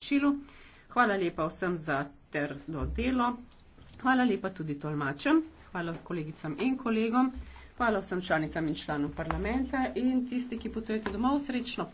poročilu. Hvala lepa vsem za trdo delo. Hvala lepa tudi tolmačem. Hvala kolegicam in kolegom. Hvala vsem članicam in članom parlamenta in tisti, ki potujete domov, srečno.